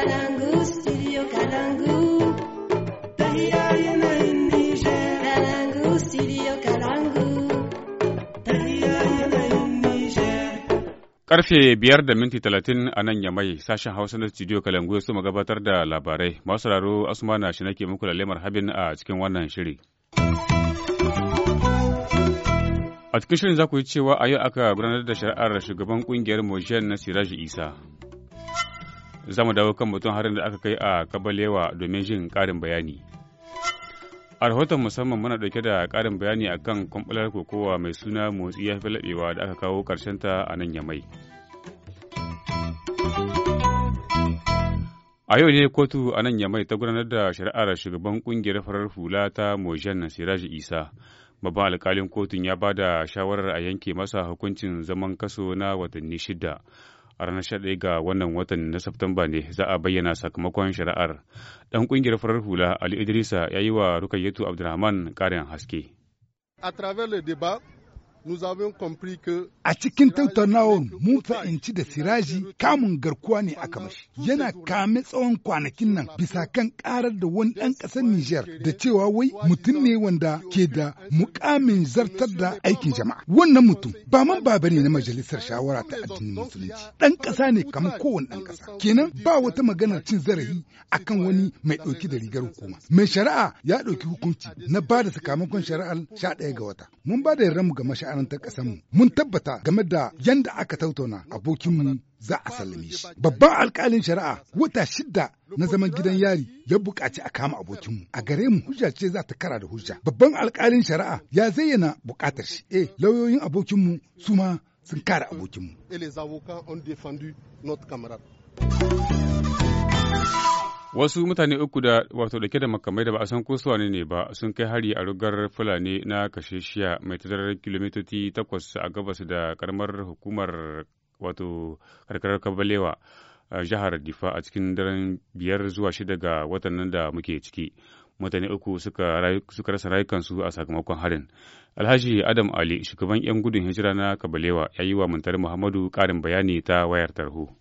Karfe biyar da minti talatin a nan ya yamai sashen Hausa na studio Kalangu ya suma gabatar da labarai. Masu raro Asuma na shi nake muku lalemar habin a cikin wannan shiri. A cikin shirin za ku yi cewa a yau aka gudanar da shari'ar shugaban kungiyar Mojen na Siraji Isa. za mu dawo kan mutum harin da aka kai a kabalewa domin jin karin bayani a rahoton musamman muna dauke da karin bayani akan kwamfular kokowa mai suna motsi ya fi laɓewa da aka kawo ta a nan yamai a yau ne kotu a nan yamai ta gudanar da shari'ar shugaban kungiyar farar hula ta mojan siraji isa babban alkalin kotun ya ba da shawarar a yanke masa hukuncin zaman kaso na watanni shida a ranar 11 ga wannan watan na Satumba ne za a bayyana sakamakon shari'ar. Ɗan ƙungiyar farar hula Ali Idrisa ya yi wa Rukayyatu Abdulrahman ƙarin haske. A travers le débat, A cikin tattaunawar mun fahimci da siraji kamun garkuwa ne a mashi. Yana kame tsawon kwanakin nan bisa kan karar da wani ɗan ƙasar Nijar da cewa wai mutum ne wanda ke da mukamin zartar da aikin jama'a. Wannan mutum ba man ba bane na majalisar shawara ta addinin musulunci. Ɗan ƙasa ne kamar kowane ɗan ƙasa. Kenan ba wata maganar cin zarafi akan wani mai ɗauki da rigar hukuma. Mai shari'a ya ɗauki hukunci na ba da sakamakon shari'ar sha ɗaya ga wata. Mun ba da yarda mu ga masha masana'antar ƙasanmu mu mun tabbata game da yanda aka tautauna abokinmu za a sallame shi babban alƙalin shari'a wata shidda na zaman gidan yari ya buƙaci a kama abokinmu a gare mu hujja ce za ta kara da hujja babban alƙalin shari'a ya zayyana buƙatar shi eh lauyoyin abokinmu su ma sun kare abokinmu Wasu mutane uku da wato dauke da makamai da ba a san ko suwane ne ba sun kai hari a rugar Fulani na Kasheshiya mai tazarar kilomitoci takwas a gabas da karamar hukumar wato karkarar Kabalewa jihar Difa a cikin daren biyar zuwa shida ga watan nan da muke ciki. mutane uku suka rasa rayukansu a sakamakon harin. Alhaji Adam Ali, shugaban 'yan gudun hijira na Kabalewa, ya yi wa Muntar Muhammadu ƙarin bayani ta wayar tarho.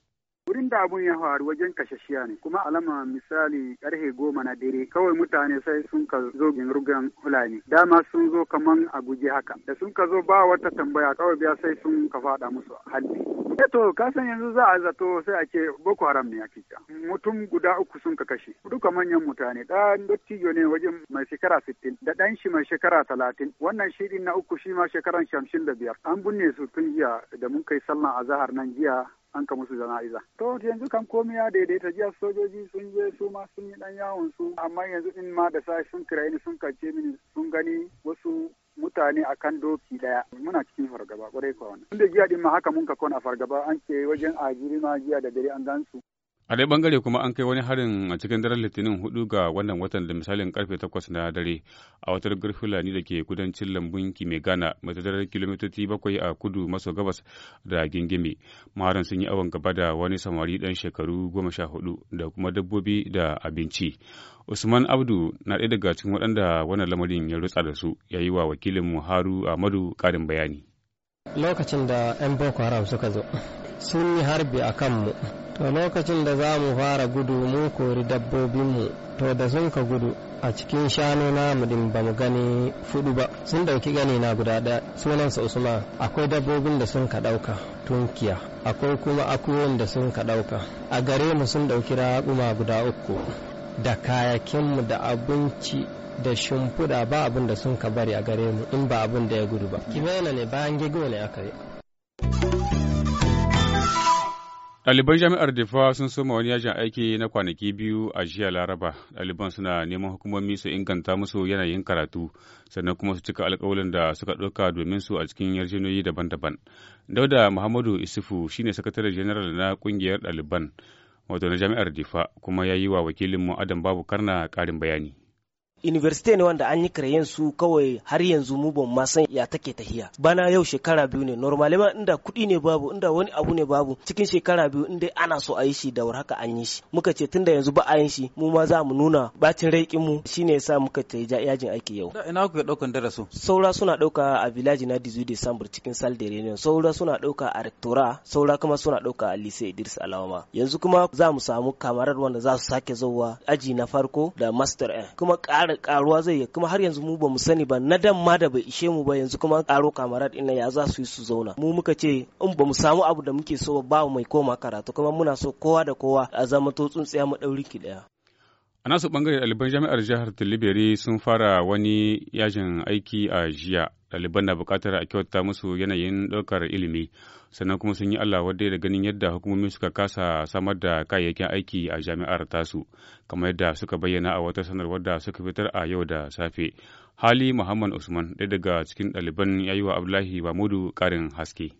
Wurin da abun ya faru wajen kashashiya ne, kuma alama misali karhe goma na dare kawai mutane sai sun ka zo rugan hulani. Dama sun zo kaman a guje haka. Da sun ka zo ba wata tambaya kawai biya sai sun ka faɗa musu halbi. Eh to kasan yanzu za a zato sai a ce boko haram ne kika. mutum guda uku sun ka kashe duka manyan mutane ɗan dottijo ne wajen mai shekara sittin da ɗan shi mai shekara talatin wannan shiri na uku shi ma shekaran shamshin da biyar an binne su tun jiya da mun kai sallan zahar nan jiya an ka musu jana'iza. To yanzu kan komiya ya daidaita jiya sojoji sun je su ma sun yi dan yawon su amma yanzu in ma da sai sun kira ni sun kace mini sun gani wasu mutane a kan doki daya muna cikin fargaba kwarai kwa wannan. Tunda jiya din ma haka mun ka kona fargaba an ke wajen ajiri ma jiya da dare an gansu A dai bangare kuma an kai wani harin a cikin daren Litinin hudu ga wannan watan da misalin karfe takwas na dare a watar Garfulani da ke kudancin lambun Kimegana mai tattalin kilomitoci bakwai a kudu maso gabas da Gingime. Maharan sun yi awon gaba da wani samari dan shekaru goma sha hudu da kuma dabbobi da abinci. Usman Abdu na ɗaya daga cikin waɗanda wannan lamarin ya rutsa da su ya yi wa wakilin Haru Ahmadu ƙarin bayani. Lokacin da 'yan Boko Haram suka zo, sun yi harbi a kanmu to lokacin da za mu fara gudu mu kori dabbobinmu to da sun ka gudu a cikin shanu na mudin ba mu gani fudu ba sun dauki gani na guda daya sunansa usman akwai dabbobin da sun ka dauka tunkiya akwai kuma akuyoyin da sun ka dauka a gare mu sun dauki raƙuma guda uku da kayakinmu da abinci da shimfiɗa ba abin da sun ka bari a gare mu in ba abin da ya gudu ba kimena ne bayan gigo ne aka yi Ɗaliban jami'ar difa sun soma wani yajin aiki na kwanaki biyu a jiya Laraba. Ɗaliban suna neman hukumomi su inganta musu yanayin karatu, sannan kuma su cika alkawalin da suka ɗauka domin su a cikin yarjejeniyoyi daban-daban. Dauda Muhammadu Isufu shine sakataren janaral na ƙungiyar ɗaliban, wato na jami'ar difa kuma ya yi wa wakilinmu Adam Babu Karna ƙarin bayani. university ne wanda an yi kirayen su kawai har yanzu mu ban ma san ya take tahiya bana yau shekara biyu ne normally ma inda kuɗi ne babu inda wani abu ne babu cikin shekara biyu inda ana so a yi shi da haka an yi shi muka ce tunda yanzu ba a yi shi mu ma za mu nuna bacin rai mu shine yasa muka ta yajin aiki yau da ina kuka daukan darasu saura suna dauka a village na 18 December cikin sal de reunion saura suna dauka a rectora saura kuma suna dauka a lycée Idris Alawama yanzu kuma za mu samu kamarar wanda za su sake zauwa aji na farko da master kuma ƙara ƙara karuwa zai yi kuma har yanzu mu ba mu sani ba na dan ma da bai ishe mu ba yanzu kuma karo kamarad ina ya za su yi su zauna mu muka ce in ba mu samu abu da muke so ba mai koma karatu kuma muna so kowa da kowa a zama to tsuntsiya dauri ki ɗaya. A nasu bangare ɗaliban jami'ar jihar Tilibiri sun fara wani yajin aiki a jiya ɗaliban na buƙatar a kyauta musu yanayin ɗaukar ilimi sannan kuma sun yi allah wadda da ganin yadda hukumomi suka kasa samar da kayayyakin aiki a jami'ar tasu kamar yadda suka bayyana a wata sanarwar da suka fitar a yau da safe hali muhammad usman ɗaya daga cikin ɗaliban ya yi wa abdullahi mamudu ƙarin haske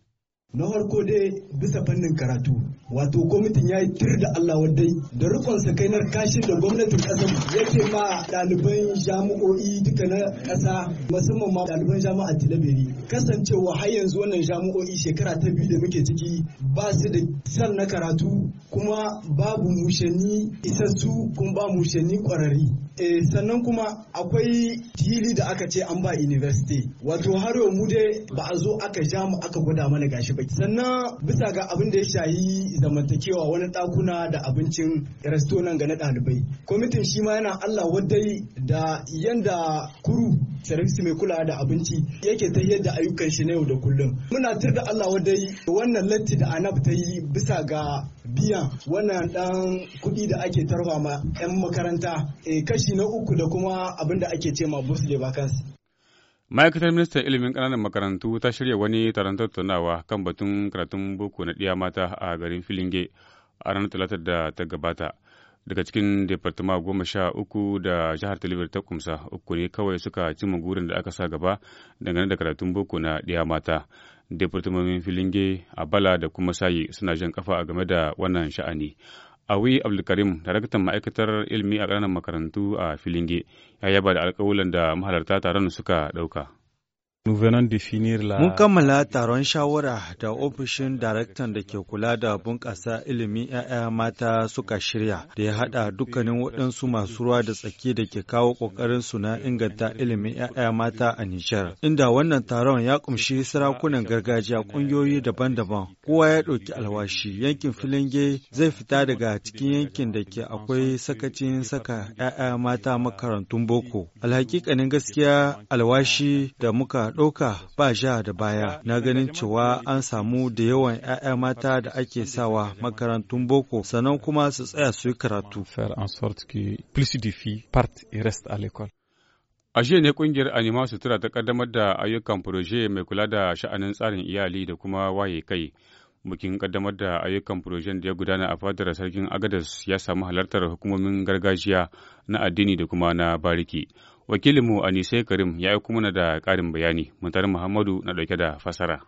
Na farko dai bisa fannin karatu, wato kwamitin ya yi tir da Allah wadai da rikon sakainar kashin da gwamnatin ƙasar yake ma ɗaliban jami'o'i duka na ƙasa musamman ma ɗaliban jami'a Tilabiri. Kasancewa har yanzu wannan jami'o'i shekara ta biyu da muke ciki ba su da san na karatu kuma babu mushani isassu kuma ba mushani ƙwararri. Eh, sannan kuma akwai fili da aka ce an ba university wato har yau mu dai ba a zo aka jamu aka gwada mana gashi baki sannan bisa ga abin da ya shayi zamantakewa wani ɗakuna da abincin nan ga na ɗalibai kwamitin shi ma yana allah wadai da yanda kuru su mai kula da abinci yake ta yadda ayyukan shi na yau da kullum muna tur da allah wadai wannan latti da anab ta yi bisa ga biyan wannan dan kuɗi da ake tarwa ma 'yan makaranta eh, kashi na uku da kuma abin da ake ce ma bus ba vacances ma'aikatar ministan ilimin ƙananan makarantu ta shirya wani taron tattaunawa kan batun karatun boko na ɗiya mata a garin filinge a ranar talata da ta gabata daga cikin departama goma sha uku da jihar talibar ta kumsa uku ne kawai suka cimma gurin da aka sa gaba dangane da karatun boko na ɗiya mata departamomin filinge abala da kuma sayi suna jan kafa a game da wannan sha'ani Awi Abdulkarim, daraktan ma'aikatar ilimi a ƙananan makarantu a Filinge, ya yaba da alƙawulan da mahalarta taron suka ɗauka. Mun kammala taron shawara da ofishin daraktan da ke kula da bunƙasa ilimin 'ya'ya mata suka shirya da ya haɗa dukkanin waɗansu masu ruwa da tsaki da ke kawo ƙoƙarin suna na inganta ilimin 'ya'ya mata a Nijar. Inda wannan taron ya ƙumshi sarakunan gargajiya ƙungiyoyi daban-daban. Kowa ya ɗauki alwashi yankin Filinge zai fita daga cikin yankin da ke akwai sakacin saka 'ya'ya mata makarantun boko. Alhakikanin gaskiya alwashi da muka a ɗauka ba sha da baya na ganin cewa an samu da yawan 'ya'ya mata da ake sawa makarantun boko sannan kuma su tsaya su yi karatu. A jiya ne kungiyar Anima Sutura ta kaddamar da ayyukan proje mai kula da sha'anin tsarin iyali da kuma waye kai. Bikin kaddamar da ayyukan projen da ya gudana a fadar sarkin Agadas ya samu halartar hukumomin gargajiya na addini da kuma na bariki. Wakilinmu Anise Karim ya yi kuma da ƙarin bayani, mutar Muhammadu na ɗauke da fasara.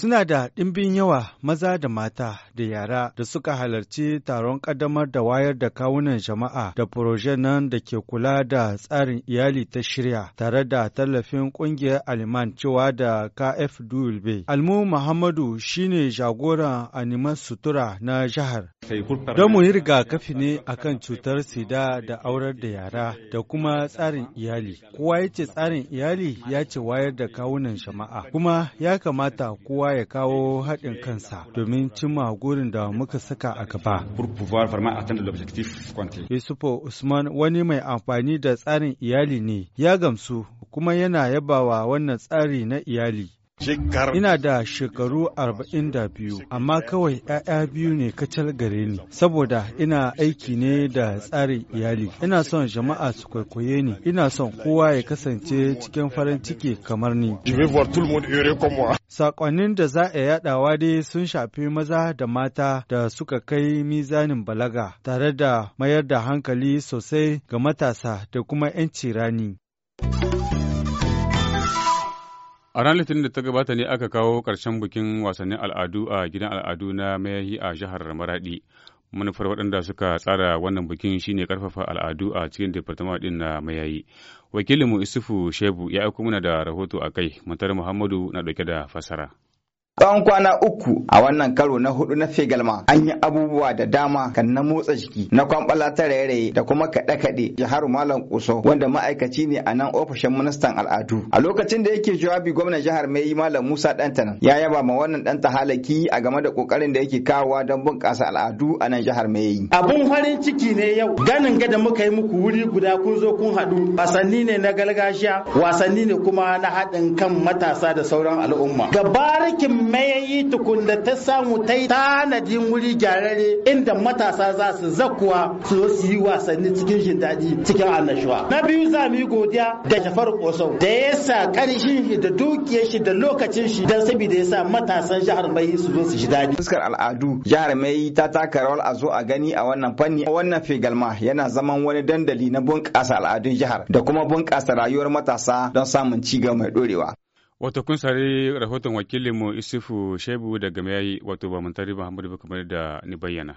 Suna da ɗimbin yawa maza da mata da yara da suka halarci taron ƙaddamar da wayar da kawunan jama'a da furojen nan da ke kula da tsarin iyali ta shirya tare da tallafin ƙungiyar Aliman cewa da KF Dulbe. Almu Muhammadu shine jagoran animar sutura na jihar. Don mu yi rigakafi ne akan cutar sida da aurar da yara da kuma tsarin iyali. Kowa ya ce tsarin iyali ya ce wayar da kawunan jama'a kuma ya kamata kowa kowa ya kawo haɗin kansa domin cimma gurin da muka saka a gaba. Yusufo Usman wani mai amfani da tsarin iyali ne, ya gamsu kuma yana yabawa wannan tsari na iyali. Ina da shekaru arba'in da biyu, amma kawai 'ya'ya biyu ne kacal gare ni, saboda ina aiki ne da tsarin iyali. Ina son jama'a su kwaikwaye ni, ina son kowa ya kasance cikin farin ciki kamar ni. Saƙonnin da za a yaɗawa dai sun shafi maza da mata da suka kai mizanin balaga, tare da mayar da hankali sosai ga matasa da kuma 'yanci rani. A ranar Litinin da ta gabata ne aka kawo ƙarshen bikin wasannin al'adu a gidan al'adu na mayahi a jihar Maradi. Manufar waɗanda suka tsara wannan bikin shine ƙarfafa al'adu a cikin departama ɗin na mayayi. Wakilinmu Isufu Shebu ya aiko muna da rahoto a kai, matar Muhammadu na ɗauke da fasara. tsawon kwana uku a wannan karo na hudu na fegalma an yi abubuwa da dama kan na motsa jiki na kwamfala ta raye-raye da kuma kaɗe-kaɗe jihar malam kuso wanda ma'aikaci ne a nan ofishin ministan al'adu a lokacin da yake jawabi gwamnan jihar mai malam musa Dantana, ya yaba ma wannan ɗan tahalaki a game da kokarin da yake kawowa don bunƙasa al'adu a nan jihar mai abun farin ciki ne yau ganin gada muka yi muku wuri guda kun zo kun haɗu wasanni ne na gargajiya wasanni ne kuma na haɗin kan matasa da sauran al'umma barikin mayayi tukun da ta samu ta yi tanadin wuri gyararre inda matasa za su zakuwa su su yi wasanni cikin jin daɗi cikin annashuwa na biyu za mu yi godiya da shafar kosau da ya sa ƙarshen shi da dukiyar shi da lokacin shi don saboda ya sa matasan jihar mai su zo su ji daɗi fuskar al'adu jihar mai ta taka rawar a zo a gani a wannan fanni wannan fegalma yana zaman wani dandali na bunƙasa al'adun jihar da kuma bunƙasa rayuwar matasa don samun cigaba mai ɗorewa Wato kun sari rahoton wakilinmu Isufu Shebu daga Mayayi wato ba mun tari Muhammadu kamar da ni bayyana.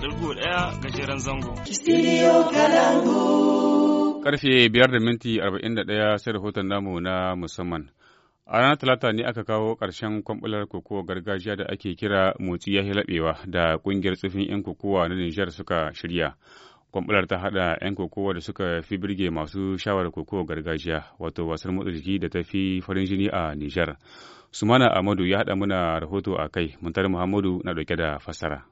9.1 gajeren zango. Studio zango Karfe biyar da minti da ɗaya sai rahoton namu na musamman. A ranar Talata ne aka kawo ƙarshen kwambular kokowa gargajiya da ake kira motsi ya laɓewa da ƙungiyar tsufin 'yan kokowa na Nijar suka shirya. Kwambular ta haɗa 'yan kokowa da suka fi birge masu shawar kokowa gargajiya wato wasar motsa jiki da ta fi farin jini a Nijar. Sumana Amadu ya haɗa mana rahoto a kai, Muntar Muhammadu na ɗauke da fassara.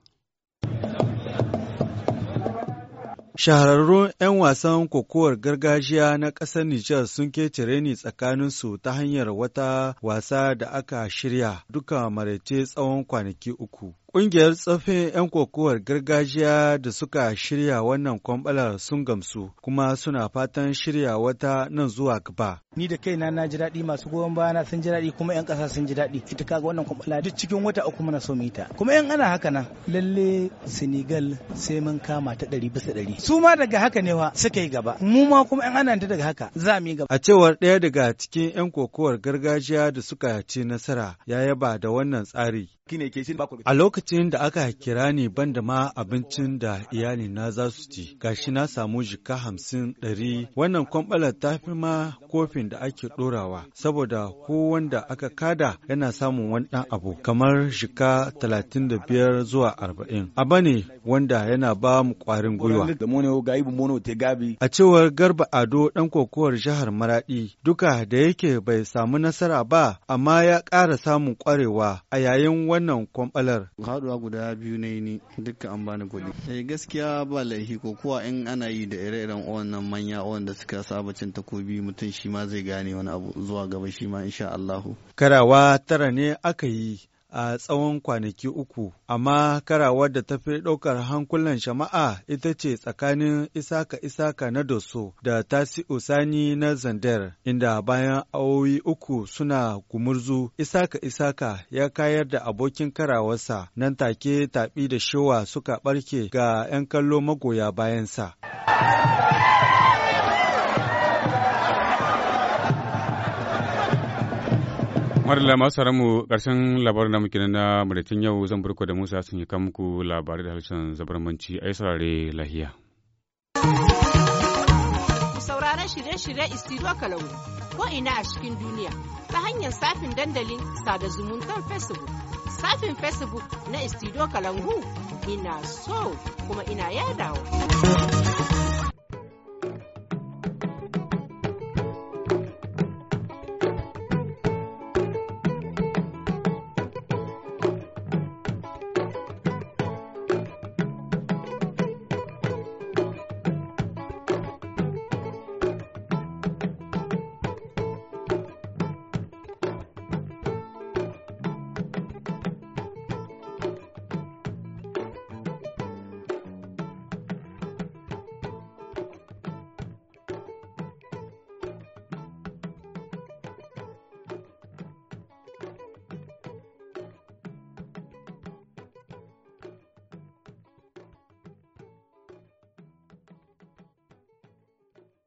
Shahararrun 'yan wasan kokowar gargajiya na ƙasar Nijar sun ketare ni tsakaninsu ta hanyar wata wasa da aka shirya duka maraice tsawon kwanaki uku. Ƙungiyar tsafe 'yan kokowar gargajiya da suka shirya wannan kwamɓalar sun gamsu kuma suna fatan shirya wata nan zuwa gaba. Ni da kaina na ji daɗi masu goyon bayana sun ji daɗi kuma 'yan ƙasa sun ji daɗi. Ita kaga wannan kwamɓala duk cikin wata uku muna so mu ta. Kuma 'yan ana haka nan lalle Senegal sai mun kama ta ɗari bisa ɗari. Su ma daga haka ne wa suka yi gaba. Mu ma kuma 'yan ana daga haka za mu yi gaba. A cewar ɗaya daga cikin 'yan kokowar gargajiya da suka ci nasara ya yaba da wannan tsari. A lokacin da aka kira ni ban da ma abincin da iyali na za su ci, gashi na samu jika hamsin ɗari wannan kwamɓalar ta fi ma kofin da ake ɗorawa, saboda ko wanda aka kada yana samun wani ɗan abu kamar jika talatin da biyar zuwa arba'in. Aba ne wanda yana ba mu ƙwarin gwiwa. A cewar Garba Ado ɗan kokowar jihar Maraɗi, duka da yake bai samu nasara ba, amma ya ƙara samun ƙwarewa a yayin wani wannan kwambalar haduwa guda biyu ne ni duka an bani kuɗi sai eh, gaskiya ba laifi ko kuwa in ana yi da ire-iren wannan manya wanda suka saba cin takobi mutum shi ma zai gane wani abu zuwa gaba shi ma insha Allah karawa tara ne aka yi a tsawon kwanaki uku, amma karawar da ta fi ɗaukar hankulan shama'a ita ce tsakanin Isaka Isaka na Doso da Tasi Usani na Zandar, inda bayan awowi uku suna gumurzu, Isaka Isaka ya kayar da abokin karawarsa nan take taɓi da shewa suka ɓarke ga ‘yan kallo magoya bayansa. Marla masu mu ƙarshen labarin namu kenan na madadin yau zan burko da Musa sun yi kan muku labarai da harshen zabarmanci ai saurare lahiya. Sauraron shirye-shirye Istiro Kalau ko ina a cikin duniya ta hanyar safin dandalin sada zumuntar Facebook. Safin Facebook na Istiro Kalangu ina so kuma ina yadawa.